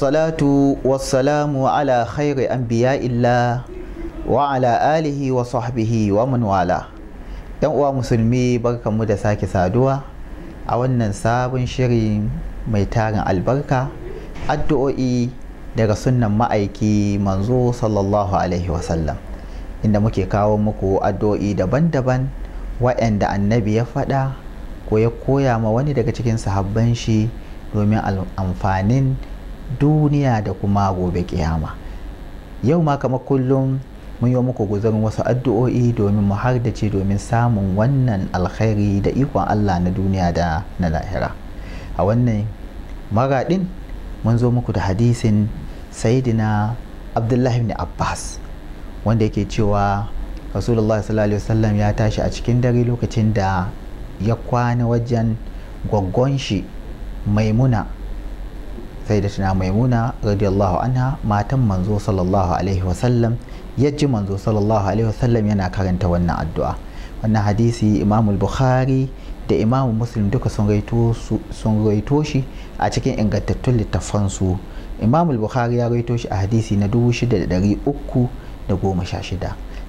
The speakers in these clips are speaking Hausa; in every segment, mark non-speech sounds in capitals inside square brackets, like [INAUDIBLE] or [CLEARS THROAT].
wassalatu wassalamu ala khairi biya illa wa ala alihi wa sahbihi wa yan uwa musulmi barkanmu da sake saduwa a wannan sabon shiri mai tarin albarka addu'o'i daga sunnan ma'aiki manzo sallallahu alaihi wasallam inda muke kawo muku addu'o'i daban-daban wa'anda annabi ya faɗa ko ya koya ma wani daga cikin sahabban shi domin amfanin duniya da kuma gobe kiyama yau ma kamar kullum mun yi muku guzarin wasu addu'o'i domin mu ce domin samun wannan alkhairi da ikon Allah na duniya da na lahira a wannan maraɗin mun zo muku da hadisin saidina abdullahi ibn abbas wanda yake cewa rasulullah sallallahu alaihi wasallam ya tashi a cikin dare lokacin da ya kwana wajen gwaggon shi maimuna tana maimuna radiyallahu anha matan manzo sallallahu alaihi wasallam ya yaji manzo sallallahu alaihi wasallam yana karanta wannan addu'a wannan hadisi imamul bukhari da imam muslim duka sun raito shi a cikin ingantattun littafan su imamul bukhari ya raito shi a hadisi na 6316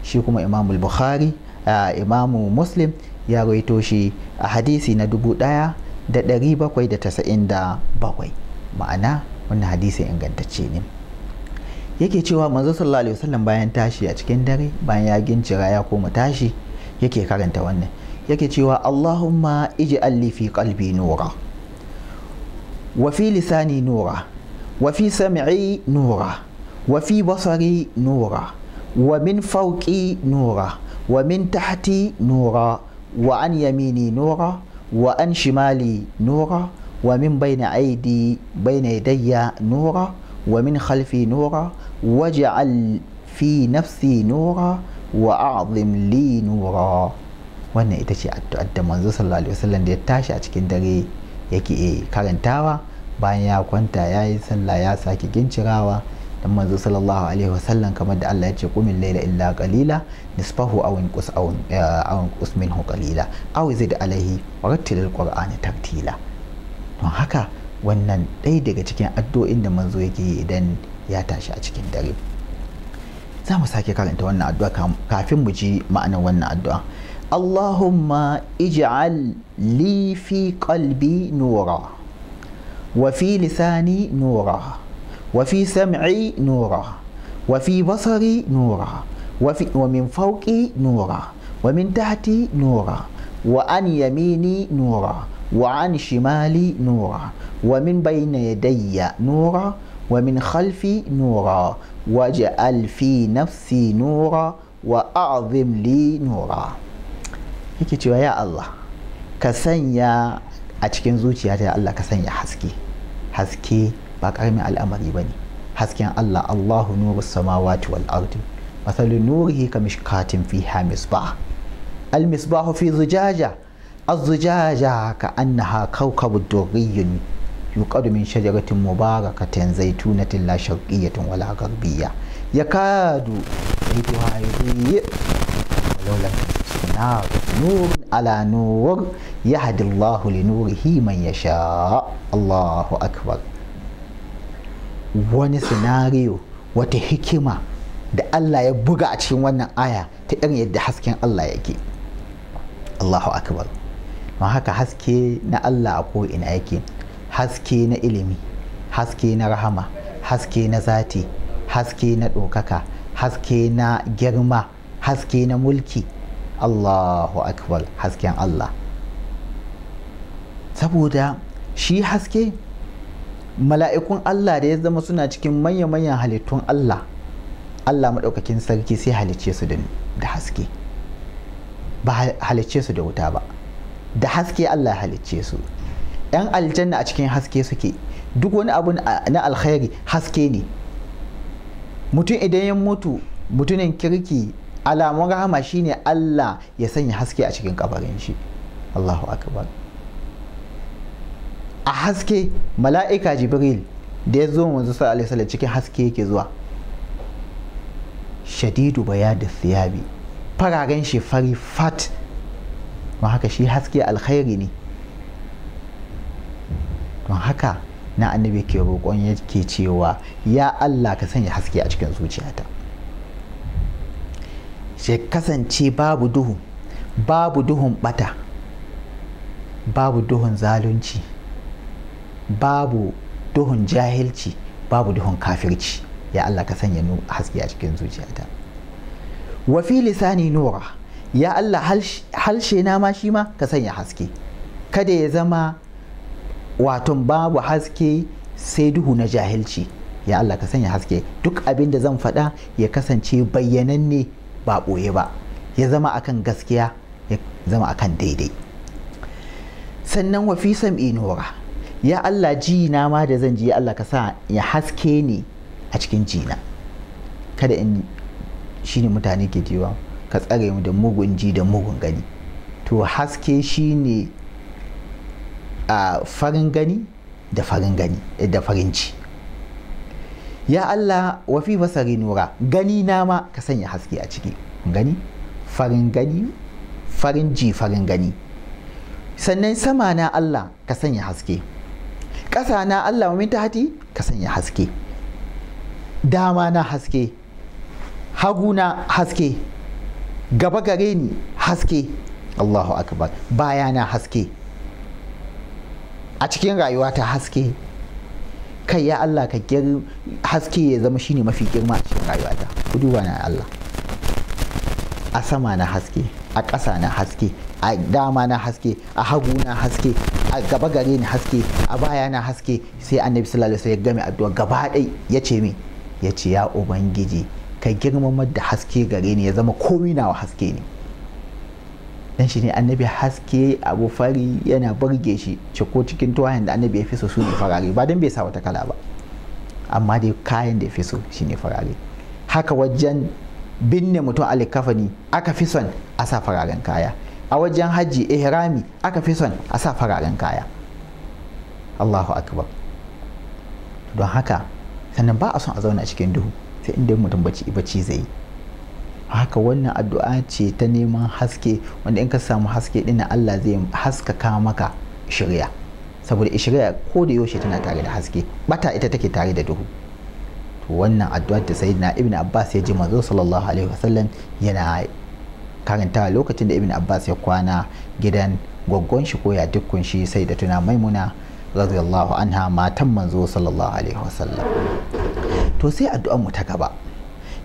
shi kuma imamul bukhari a imamu muslim ya raito shi a hadisi na da 1797 ma'ana wannan hadisi ingantacce ne yake cewa manzo sallallahu alaihi wasallam bayan tashi a cikin dare bayan ya gincira ya koma tashi yake karanta wannan yake cewa Allahumma ij'al li fi qalbi nura wa fi lisani nura wa fi sam'i nura wa fi basari nura wa min fawqi nura wa min tahti nura wa an yamini nura wa an shimali nura wa min bayna بين يدي نورا nura wa min khalfi nura نفسي fi nafsi nura wa wannan ita ce addu'ar da manzo sallallahu alaihi wasallam da ya tashi a cikin dare yake eh, karantawa bayan ya kwanta ya yi sallah ya sake gincirawa dan manzo sallallahu alaihi wasallam kamar da Allah ya ce qumil layla illa qalila nisfahu aw inqus aw eh, inqus minhu qalila aw zid alaihi wa rattilil qur'ana tartila don haka wannan ɗaya daga cikin addu'o'in da manzo yake yi idan ya tashi a cikin dare za mu sake karanta wannan addu'a kafin mu ji ma'anar wannan addu'a Allahumma ij'al li fi qalbi nura wa fi lisani nura wa fi sam'i nura wa fi basari nura wa min fawqi nura wa min tahti nura wa an yamini nura وعن شمالي نورا ومن بين يدي نورا ومن خلفي نورا واجعل في نفسي نورا واعظم لي نورا هيك تيوا يا الله كسانيا اتشكن زوجي يا الله كسانيا حسكي حسكي بقرم الامر يبني حسكي الله الله نور السماوات والارض مثل نوره كمشكات فيها مصباح المصباح في زجاجه الزجاجة كأنها كوكب دري يقعد من شجرة مباركة زيتونة لا شرقية ولا غربية يكاد زيتها يضيء ولو لم نار نور على نور يهد الله لنوره من يشاء الله أكبر wani sinariyo wata hikima da Allah ya buga a cikin wannan aya ta irin yadda hasken Allah yake Allahu akbar don haka haske na Allah a ko'ina yake haske na ilimi haske na rahama haske na zati haske na ɗaukaka haske na girma haske na mulki Allahu akbar hasken Allah saboda shi haske mala'ikun Allah da ya zama suna cikin manya-manyan halittun Allah Allah maɗaukakin sarki sai halicce su da haske ba halicce su da wuta ba da haske Allah halicce su yan aljanna a cikin haske suke duk wani abu na alkhairi haske ne mutum idan ya mutu mutumin kirki alamun rahama shine Allah ya sanya haske a cikin kabarin shi Allahu akbar a haske mala'ika jibril da ya zo manzo sallallahu alaihi cikin haske yake zuwa shadidu da thiyabi fararen shi fari fat don haka shi haske alkhairi ne don haka na annabi ke roƙon yake cewa ya Allah ka sanya haske a cikin zuciyata shi kasance babu duhu babu duhun bata babu duhun zalunci babu duhun jahilci babu duhun kafirci ya Allah ka sanya haske a cikin zuciyata wa fi lisani nura ya Allah harshe na ma shi ma ka sanya haske kada ya zama waton babu haske sai duhu na jahilci ya Allah ka sanya haske duk abin da zan faɗa ya kasance bayyananne ba ɓoye ba ya zama akan gaskiya ya zama akan daidai sannan wa fi sam'i ya Allah ji na ma da zan ji ya Allah ka sa ya haske ne a cikin jina kada in shine mutane ke jiwa ka tsare mu da mugun ji da mugun gani to haske shine a farin gani da farin gani da farin ci ya Allah wa fi basari nura gani na ma ka sanya haske a ciki gani farin gani farin ji farin gani sannan sama na Allah ka sanya haske ƙasa na Allah wa hati ka sanya haske dama na haske hagu na haske gaba gare ni haske Allahu akbar bayana haske a cikin rayuwa ta haske kai ya Allah ka haske ya zama shine mafi girma a cikin rayuwa ta na Allah a sama na haske a ƙasa na haske a dama na haske a hagu na haske a gaba gare ni haske a baya na haske sai annabi sallallahu alaihi wasallam ya game addu'a gaba ɗaya ya ce me ya ce ya ubangiji ka girmama da haske gare ni ya zama komi nawa haske ne dan shi ne annabi haske abu fari yana burge shi ciko cikin tuwayen da annabi ya fi so su ne farare ba dan bai sa wata kala ba amma dai kayan da ya fi so shi ne farare haka wajen binne mutum alikafani aka fi son a sa fararen kaya a wajen hajji ihrami aka fi son a sa fararen kaya Allahu akbar don haka sannan ba a son a zauna cikin duhu sai inda mutum bacci zai yi haka wannan addu'a ce ta neman haske wanda in ka samu haske din Allah zai haskaka maka shirya saboda shirya ko da yaushe tana tare da haske bata ita take tare da duhu to wannan addu'a da sayyidina ibn abbas ya ji manzo sallallahu alaihi wasallam yana karantawa lokacin da ibnu abbas ya kwana gidan gwaggon shi ko ya dukkun shi sai da tuna maimuna radiyallahu anha matan manzo sallallahu alaihi wasallam to sai addu'ar mu ta gaba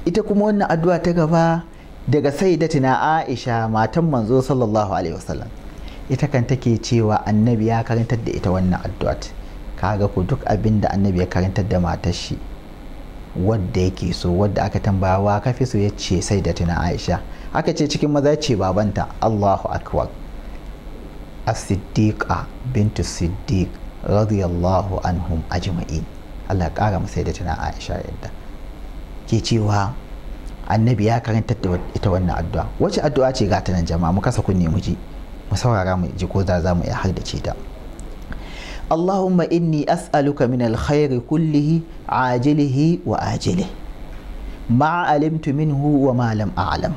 ita kuma wannan addu'a ta gaba daga sayyidatina Aisha matan manzo sallallahu alaihi wasallam ita kan take cewa annabi ya karantar da ita wannan addu'a kaga ko duk abin da annabi ya karantar da matar shi wadda yake so wadda aka tambaya wa kafi so ya ce sai da aisha aka ce cikin maza ce babanta allahu akbar as-siddiqa bintu siddiq radiyallahu anhum ajma'in Allah ƙara masa yadda tana Aisha yadda ke cewa annabi ya karanta ita wannan addu'a wace addu'a ce ga ta jama'a mu kasa kunne mu ji mu saurara mu ji ko za za mu iya har da ce ta Allahumma inni as'aluka min khairi kullihi ajilihi wa ajilihi ma alimtu minhu wa ma lam a'lam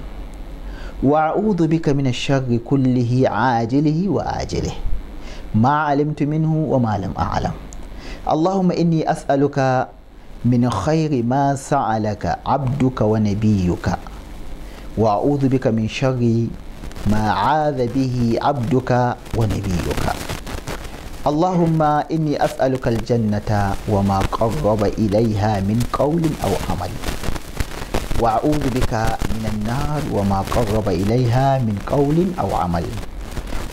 ash-sharri kullihi ajilihi wa ajilihi ma alimtu minhu wa ma lam a'lam اللهم إني أسألك من خير ما سألك عبدك ونبيك وأعوذ بك من شر ما عاذ به عبدك ونبيك اللهم إني أسألك الجنة وما قرب إليها من قول أو عمل وأعوذ بك من النار وما قرب إليها من قول أو عمل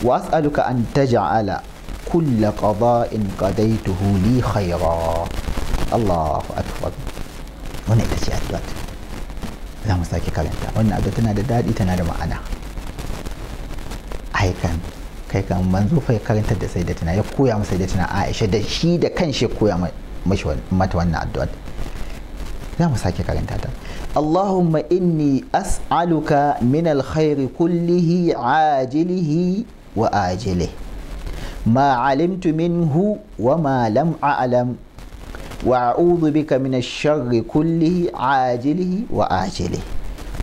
وأسألك أن تجعل kulla qada'in qadaituhu li khaira Allahu akbar wannan ita ce addu'a za mu sake karanta wannan addu'a tana da daɗi tana da ma'ana kan kai kan manzo fa ya karanta da sayyidatina ya koya masa sayyidatina Aisha da shi da kanshi ya koya mata wannan addu'a za mu sake karanta ta Allahumma inni as'aluka min alkhairi kullihi ajilihi wa ajilihi ما علمت منه وما لم أعلم وأعوذ بك من الشر كله عاجله وآجله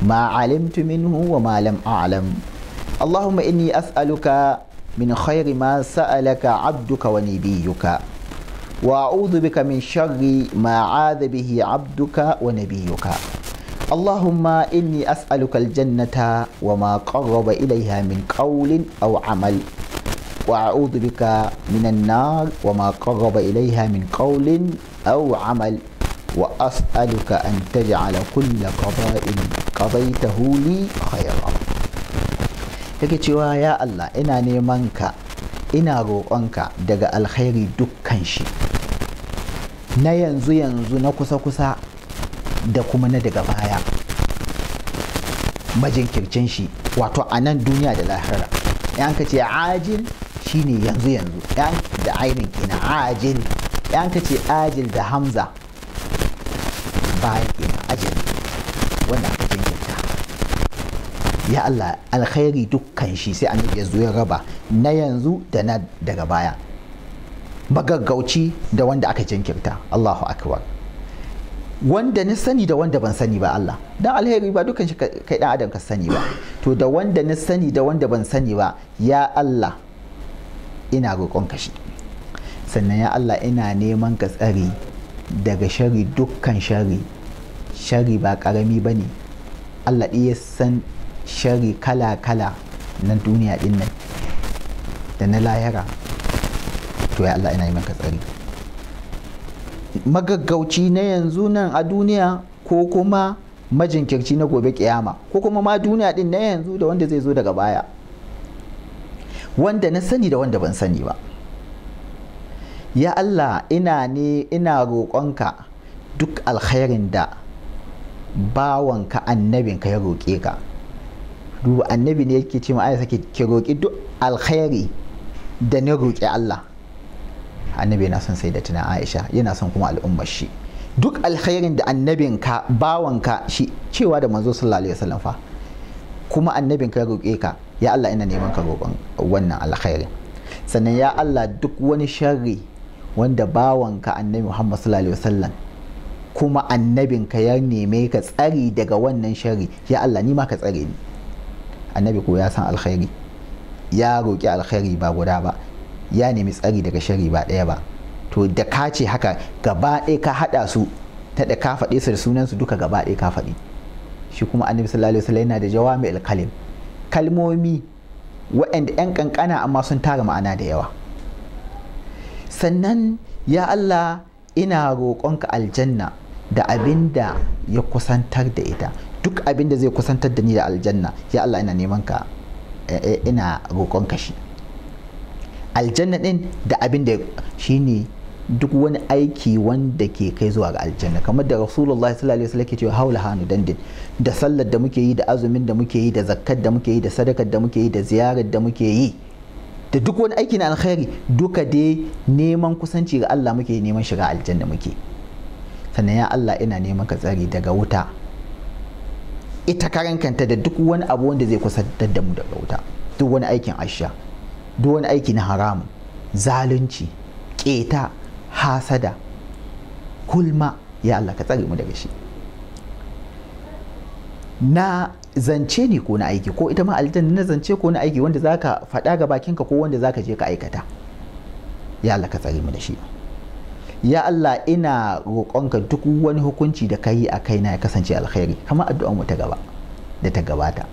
ما علمت منه وما لم أعلم اللهم إني أسألك من خير ما سألك عبدك ونبيك وأعوذ بك من شر ما عاذ به عبدك ونبيك اللهم إني أسألك الجنة وما قرب إليها من قول أو عمل minan بك wa ma وما قرب إليها من قول أو عمل وأسألك أن تجعل كل قضاء قضيته لي خيرا take cewa ya Allah ina neman ka ina roƙonka daga alkhairi dukkan shi na yanzu yanzu na kusa-kusa da kuma na daga baya majinkircin shi wato a nan duniya da lahira yan ka ce ajil shine yanzu yanzu yan da ainin ina ajil yan ka ce ajil da hamza bayan ina ajil wanda aka jinkirta ya Allah alkhairi dukkan shi sai an ya zo ya raba na yanzu da na daga baya bagaggauci da wanda aka jinkirta Allahu akbar wanda ni sani da wanda ban sani ba Allah dan alheri ba dukan shi kai dan adam ka sani ba to da wanda ni sani da wanda ban sani ba ya Allah ina ka shi sannan ya Allah ina neman ka tsari daga shari dukkan shari shari ba ƙarami ba ne Allah iya san shari kala-kala na duniya ɗin nan da na lahira to ya Allah ina neman ka tsari magaggauci na yanzu nan a duniya ko kuma majinkirci na gobe kiyama ko kuma ma duniya ɗin na yanzu da wanda zai zo daga baya wanda na sani da wanda ban sani ba ya Allah ina ne ina roƙonka duk alkhairin da bawanka annabinka ya roƙe ka duba annabi ne yake ce ma ai sake ki roƙi duk alkhairi da na roƙe Allah annabi yana son sai da tuna Aisha yana son kuma al'ummar shi duk alkhairin da annabinka bawanka shi cewa da manzo sallallahu alaihi wasallam fa kuma annabinka ya roƙe ka ya Allah ina neman ka roƙon wannan alkhairi sannan ya Allah duk wani sharri wanda bawanka annabi Muhammad sallallahu alaihi wasallam kuma annabinka ya neme ka tsari daga wannan sharri ya Allah ni ma ka tsare ni annabi ko ya san alkhairi ya roƙi alkhairi ba guda ba ya nemi tsari daga sharri ba ɗaya ba to da ka ce haka gaba ɗaya ka haɗa su ta da ka faɗe su da sunan su duka gaba ɗaya ka faɗi shi kuma annabi sallallahu alaihi wasallam yana da jawami alkalim kalmomi waɗanda 'yan ƙanƙana amma sun tara ma'ana da yawa sannan ya Allah ina roƙonka aljanna da abin da ya kusantar da ita duk abin da zai kusantar da ni da aljanna ya Allah ina neman ka eh, eh, ina roƙonka shi aljanna ɗin da abin da shi ne duk wani aiki wanda ke kai zuwa ga aljanna kamar da rasulullah sallallahu alaihi wasallam ke cewa haula hanu dandin da sallar da muke yi da azumin da muke yi da zakkar da muke yi da sadakar da muke yi da ziyarar da muke yi da duk wani aiki na alkhairi duka dai neman kusanci ga Allah muke neman shiga aljanna muke sannan ya Allah ina neman ka tsari daga wuta ita karankanta kanta da duk wani abu wanda zai kusantar da mu daga wuta duk wani aikin asha duk wani aiki na haramun zalunci keta hasada kulma ya Allah ka tsare mu daga shi na zance ne ko na aiki ko ita ma aljanna na zance ko na aiki wanda zaka faɗa ga bakinka ko wanda zaka je ka aikata ya Allah ka tsare mu da shi ya Allah ina roƙonka duk wani hukunci da kai a kaina ya kasance alkhairi kamar addu'an mu ta gaba da ta gabata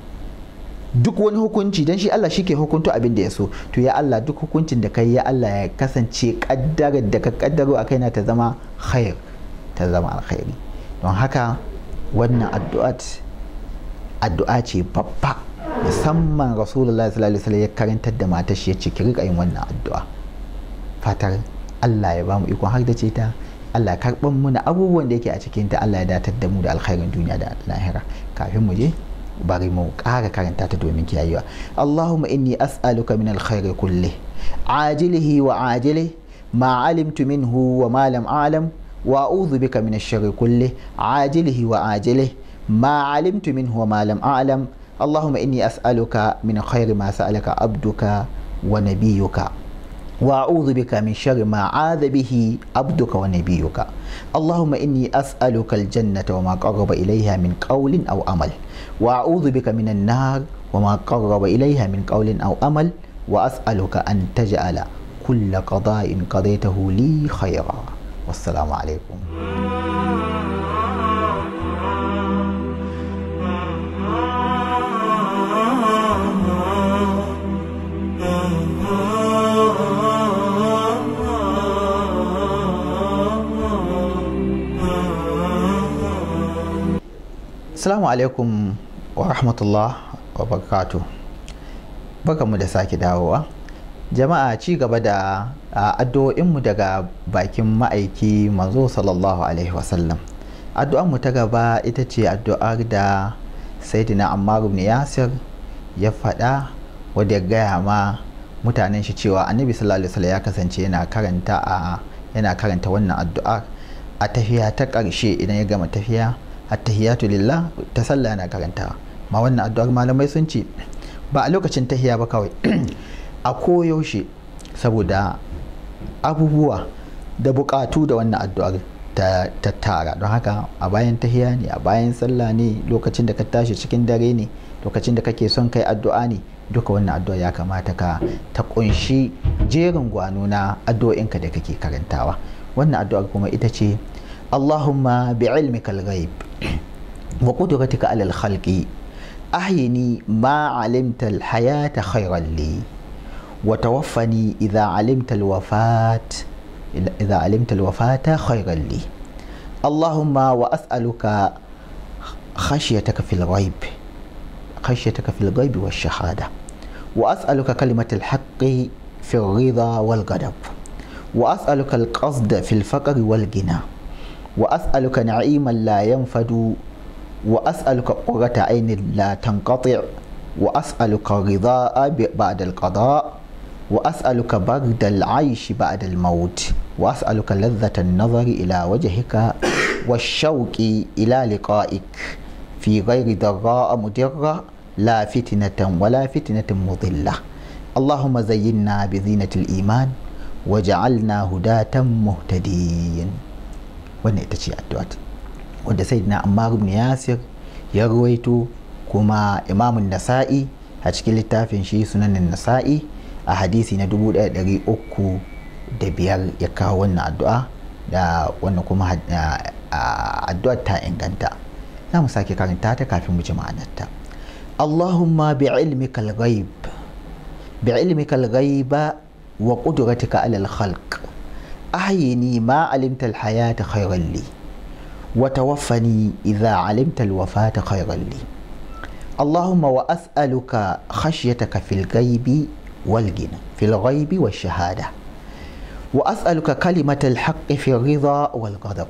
duk wani hukunci don shi Allah shi ke hukunta abin da ya so to ya Allah duk hukuncin da kai ya Allah ya kasance kaddarar da ka kaddaro a kaina ta zama khair ta zama alkhairi don haka wannan addu'at addu'a ce babba musamman rasulullah sallallahu alaihi wasallam ya karantar da matar shi ya ce ki rika yin wannan addu'a fatar Allah ya ba mu ikon har da ce ta Allah karban muna abubuwan da yake a cikin ta Allah ya datar da mu da alkhairin duniya da lahira kafin mu je bari mu ƙara karanta ta domin kiyayewa Allahumma inni as'aluka min alkhairi kulli ajilihi wa ajili ma alimtu minhu wa ma lam a'lam wa a'udhu bika min ash-sharri kulli ajilihi wa ajili ma alimtu minhu wa ma lam a'lam Allahumma inni as'aluka min khairi ma sa'alaka abduka wa nabiyyuka وأعوذ بك من شر ما عاذ به عبدك ونبيك اللهم إني أسألك الجنة وما قرب إليها من قول أو عمل وأعوذ بك من النار وما قرب إليها من قول أو عمل وأسألك أن تجعل كل قضاء قضيته لي خيرا والسلام عليكم Assalamu alaikum wa rahmatullah wa barakatu. mu da sake dawowa. Jama'a ci gaba da addu'o'inmu daga bakin ma'aiki manzo sallallahu alaihi wasallam. Addu'anmu ta gaba ita ce addu'ar da Saidina Ammar ibn Yasir ya faɗa wadda ya gaya ma mutanen shi cewa annabi sallallahu alaihi wasallam ya kasance yana karanta a yana karanta wannan addu'ar a tafiya ta ƙarshe idan ya gama tafiya attahiyatu lillah ta sallah yana karantawa ma wannan addu'ar malamai sun ce ba a lokacin tahiya ba kawai [CLEARS THROAT] a koyaushe saboda abubuwa da bukatu da wannan addu'ar ta tattara don haka a bayan tahiya ne a bayan sallah ne lokacin da ka tashi cikin dare ne lokacin da kake son kai addu'a ne duka wannan addu'a ya kamata ka ta kunshi jerin gwano na addu'o'inka da kake karantawa wannan addu'ar kuma ita ce Allahumma bi ilmikal ghaib وقدرتك على الخلق أحيني ما علمت الحياة خيرا لي وتوفني إذا علمت الوفاة إذا علمت الوفاة خيرا لي اللهم وأسألك خشيتك في الغيب خشيتك في الغيب والشهادة وأسألك كلمة الحق في الرضا والغضب وأسألك القصد في الفقر والغنى وأسألك نعيما لا ينفد وأسألك قرة عين لا تنقطع وأسألك رضاء بعد القضاء وأسألك برد العيش بعد الموت وأسألك لذة النظر إلى وجهك والشوق إلى لقائك في غير ضراء مدرة لا فتنة ولا فتنة مضلة اللهم زينا بزينة الإيمان وجعلنا هداة مهتدين wannan ita ce addu'a wanda na ammar ibn yasir ya ruwaito kuma imamun nasa'i a cikin littafin shi sunanin nasa'i a hadisi na 1305 ya kawo wannan addu'a da wannan kuma addu'a ta inganta za mu sake karanta ta kafin mu ji ma'anarta Allahumma bi ilmikal ghaib bi ghaiba wa qudratika alal khalq أحيني ما علمت الحياة خيرا لي وتوفني إذا علمت الوفاة خيرا لي اللهم وأسألك خشيتك في الغيب والغنى في الغيب والشهادة وأسألك كلمة الحق في الرضا والغضب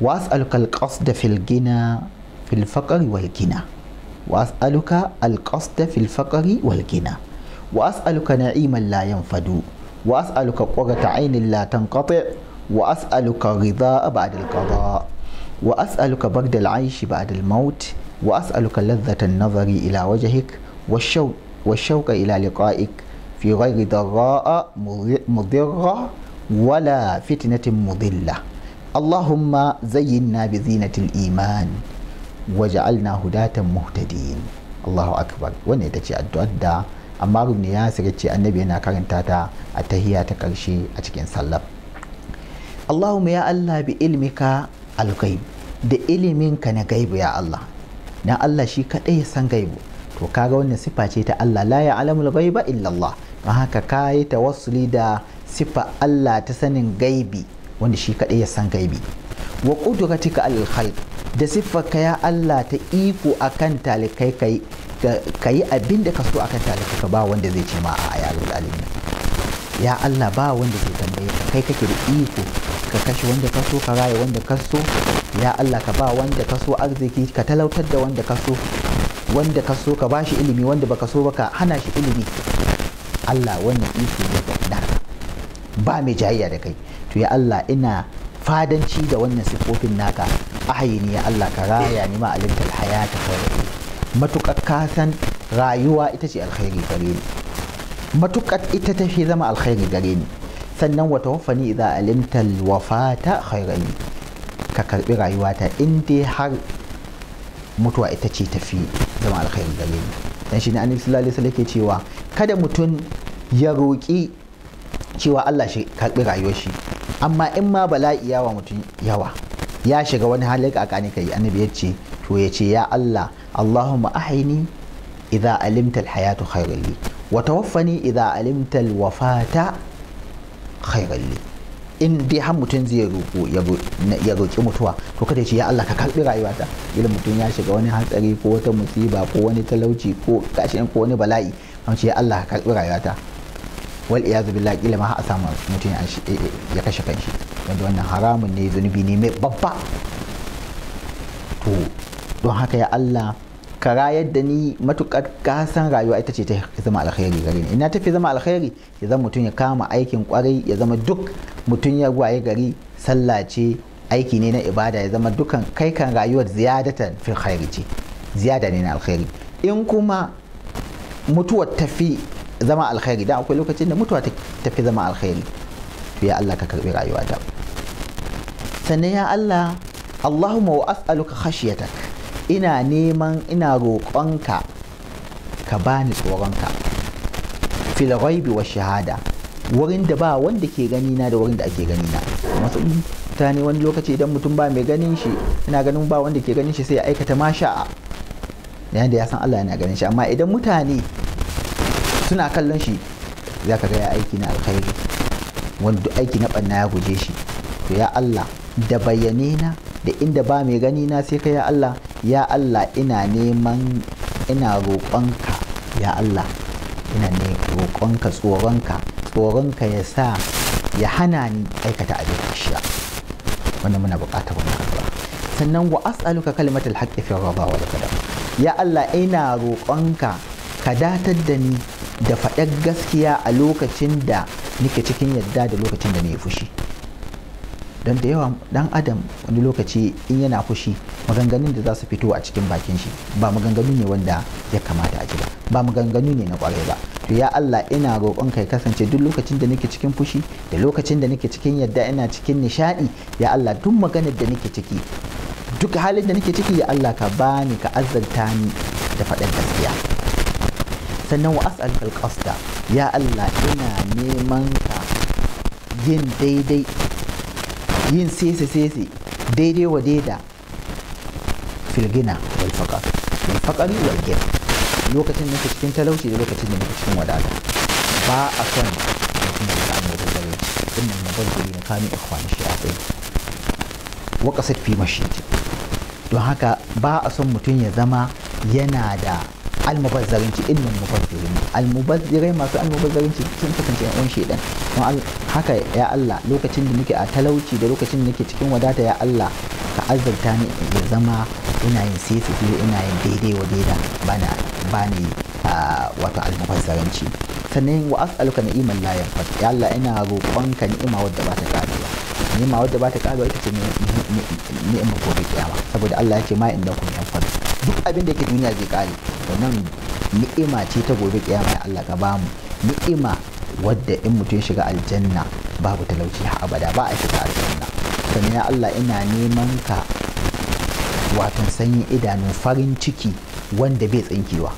وأسألك القصد في الغنى في الفقر والغنى وأسألك القصد في الفقر والغنى وأسألك نعيما لا ينفد وأسألك قرة عين لا تنقطع وأسألك غذاء بعد القضاء وأسألك برد العيش بعد الموت وأسألك لذة النظر إلى وجهك والشوق, والشوق إلى لقائك في غير ضراء مضرة ولا فتنة مضلة اللهم زينا بزينة الإيمان وجعلنا هداة مهتدين الله أكبر وانا الدعاء amma rubni ya sirri ce annabi yana karanta ta a tahiya ta karshe a cikin sallah. Allahumma ya Allah bi ilmika al-ghaib da iliminka na gaibu ya Allah na Allah shi kadai ya san gaibu to kaga wannan sifa ce ta Allah la ya'lamul ghaiba illa Allah don haka kayi tawassuli da sifa Allah ta sanin gaibi wanda shi kadai ya san gaibi wa qudratika al-khalq da ka ya Allah ta iko akan talikai kai ka yi abin da ka so akan talaka ka ba wanda zai ce ma a yaro alimin ya Allah ba wanda zai tambaye ka kai kake da iko ka kashe wanda ka so ka raye wanda ka so ya Allah ka ba wanda ka so arziki ka talautar da wanda ka so wanda ka so ka bashi ilimi wanda baka so baka hana shi ilimi Allah wannan iko ne da ba mai jayayya da kai to ya Allah ina fadanci da wannan sifofin naka ahayini ya Allah ka raya ni ma alintar hayata kawai matuƙar kasan rayuwa ita ce alkhairi gare ni matuƙar ita ta fi zama alkhairi gare ni sannan wata wafani idza wafa wafata khairani ka karbi rayuwata in dai har mutuwa ita ce tafi zama alkhairi gare ni dan shi ne annabi sallallahu alaihi ke cewa kada mutum ya roƙi cewa Allah shi karbi rayuwar shi amma in ma bala'i yawa mutum yawa ya shiga wani halin ka kai annabi ya ce to ya ce ya Allah Allahumma ahini idza alimta hayatu khayran li wa tawaffani idza alimta alwafata khayran li in dai har mutum zai roƙo ya roƙi mutuwa to kada ce ya Allah ka karɓi rayuwata idan mutum ya shiga wani hatsari ko wata musiba ko wani talauci ko gashin ko wani bala'i an ce ya Allah ka karɓi rayuwata wal iyaz billahi kila ma a samu mutum ya kashe kanshi wanda wannan haramun ne zunubi ne mai babba to don haka ya Allah ka rayar da ni matukar kasan rayuwa ita ce ta zama alkhairi gare ni ina tafi zama alkhairi ya zama mutum ya kama aikin kwarai ya zama duk mutum ya ya gari sallah ce aiki ne na ibada ya zama dukan kai kan rayuwar ziyadatan fil khairi ce ziyada ne na alkhairi in kuma mutuwar tafi zama alkhairi dan akwai lokacin da mutuwa tafi zama alkhairi to ya Allah ka karbi ta sannan ya Allah Allahumma wa as'aluka khashiyatak ina neman ina roƙonka ka bani tsoronka fil ghaibi wa shahada wurin da ba wanda ke gani na da wurin da ake gani na mutane wani lokaci idan mutum ba mai ganin shi ina ganin ba wanda ke ganin shi sai ya aikata masha'a yayin da ya san Allah yana ganin shi amma idan mutane suna kallon shi za ka ga aiki na alkhairi wanda aiki na banna ya guje shi to ya Allah da bayyane na da inda ba mai gani na sai ka ya Allah ya Allah ina neman ina roƙonka ya Allah ina ne roƙonka tsoronka tsoronka ya sa ya hana ni aikata abin kishiya wannan muna buƙatar wannan karɓa sannan wa as'aluka kalimatul haqqi fi rida wal qadar ya Allah ina roƙonka ka datar da ni da faɗar gaskiya a lokacin da nake cikin yadda da lokacin da na fushi don da yawa dan adam wani lokaci in yana fushi maganganun da za su fito a cikin bakin shi ba maganganu ne wanda ya kamata a ji ba ba maganganu ne na kwarai ba to ya Allah ina roƙon kai kasance duk lokacin da nake cikin fushi da lokacin da nake cikin yadda ina cikin nishadi ya Allah duk maganar da nake ciki duk halin da nake ciki ya Allah ka bani ka azzanta ni da faɗin gaskiya sannan wa as'al al ya Allah ina neman ka yin daidai yin sese sese daidai wa daida filgina wal faqar wal faqari lokacin da cikin talauci da lokacin da nake cikin wadata ba a son mutum ya samu wata zare inna mubajjiri na kanu ikhwani shi'atai wa qasad fi mashiyati don haka ba a son mutum ya zama yana da almubazzarinci ilmin mubazzirin almubazzirai masu almubazzarinci sun kasance yan shedan don haka ya Allah lokacin da nake a talauci da lokacin da nake cikin wadata ya Allah ka azurta ni ya zama ina yin sisi biyu ina yin daidai wa daida bana bani wato almubazzarinci sannan wa as'aluka ni'iman la yanfat ya Allah ina roƙonka ni'ima wadda ba ta karewa ni'ima wadda ba ta karewa ita ce ni'ima gobe kiyama saboda Allah ya ce ma inda kun yanfat duk abin da yake duniya zai kare wannan ni'ima ce ta gobe kiyama Allah ka bamu ni'ima wadda in mutum shiga aljanna babu talauci har abada ba a shiga aljanna sannan ya Allah ina neman ka watan sanyin idanun farin ciki wanda bai tsinkewa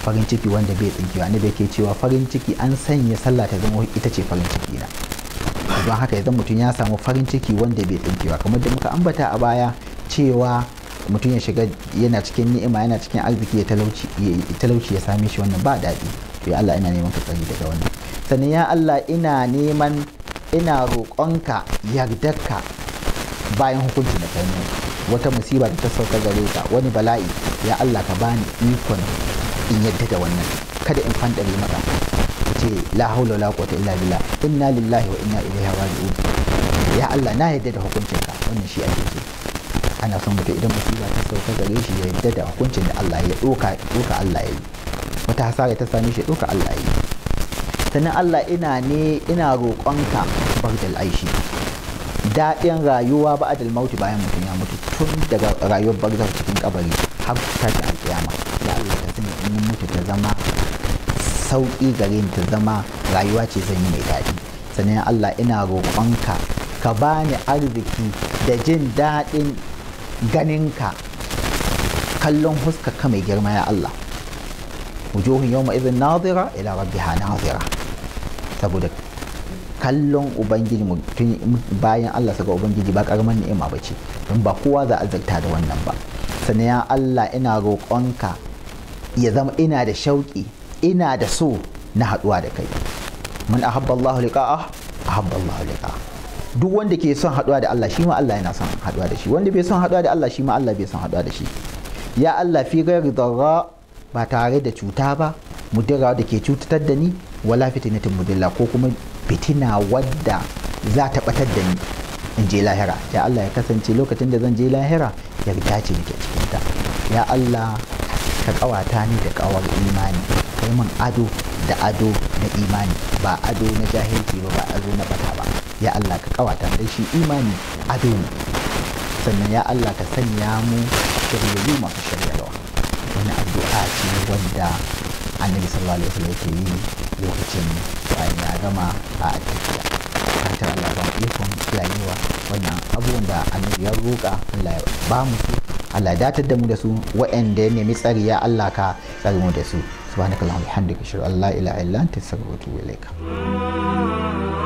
farin ciki wanda bai tsinkewa ne bai ke cewa farin ciki an sanya sallah ta zama ita ce farin ciki na don haka idan mutum ya samu farin ciki wanda bai tsinkewa kamar da muka ambata a baya cewa mutum ya shiga yana cikin ni'ima yana cikin arziki ya talauci ya same shi wannan ba daɗi to ya Allah ina neman ka tsari daga wannan sannan ya Allah ina neman ina roƙonka yardarka bayan hukunci na kai wata musiba da ta sauka gare ka wani bala'i ya Allah ka bani ikon in yadda da wannan kada in fandare maka ce la haula la quwwata illa billah inna lillahi wa inna ilaihi raji'un ya Allah na yadda da hukuncinka wannan shi ake ce ana son mutum idan musiba ta sauka gare shi ya yadda da hukuncin da Allah ya doka doka Allah ya yi wata hasara ta same shi doka Allah ya yi sannan Allah ina ne ina roƙonka bardal aishi daɗin rayuwa ba adal mauti bayan mutum ya mutu tun daga rayuwar barzar cikin kabari har ta ta alƙiyama da Allah ta sani in mutu ta zama sauƙi gare ni ta zama rayuwa ce zan yi mai daɗi sannan Allah ina roƙonka ka bani arziki da jin daɗin ganinka kallon ka mai girma ya Allah wujuhun yawma maizin nazira ila rabbiha nazira saboda kallon ubangiji bayan Allah saka ubangiji ba karamar ni'ima ba ce don ba kowa za a zarta da wannan ba sannan ya Allah ina roƙonka ya zama ina da shauƙi ina da so na haɗuwa da kai mun ahabba Allah liqa'a ahabba Allah liqa'a duk wanda ke son haɗuwa da Allah shi ma Allah yana son haɗuwa da shi wanda bai son haɗuwa da Allah shi ma Allah bai son haɗuwa da shi ya Allah fi ghairi darra ba tare da cuta ba mudira da ke cutar da ni wala fitinatin mudilla ko kuma fitina wadda za ta batar da ni in je lahira ya Allah ya kasance lokacin da zan je lahira ya yarda ce nake cikin ta ya Allah ka kawata ni da kawar imani kai min ado da ado na imani ba ado na jahilci ba ba ado na bata ba ya Allah ka kawata da shi imani a ne sannan ya Allah ka sanya mu shiryayyu masu shiryarwa wani addu'a ce wanda annabi sallallahu alaihi wasallam yake yi lokacin bayan ya gama a tafiya fatar Allah ba ikon kiyayewa wannan abubuwan da annabi ya roƙa Allah ya ba mu su Allah ya datar da mu da su waɗanda ya nemi tsari ya Allah ka tsari mu da su subhanakallahumma bihamdika ashhadu an la ilaha illa anta astaghfiruka wa atubu ilaik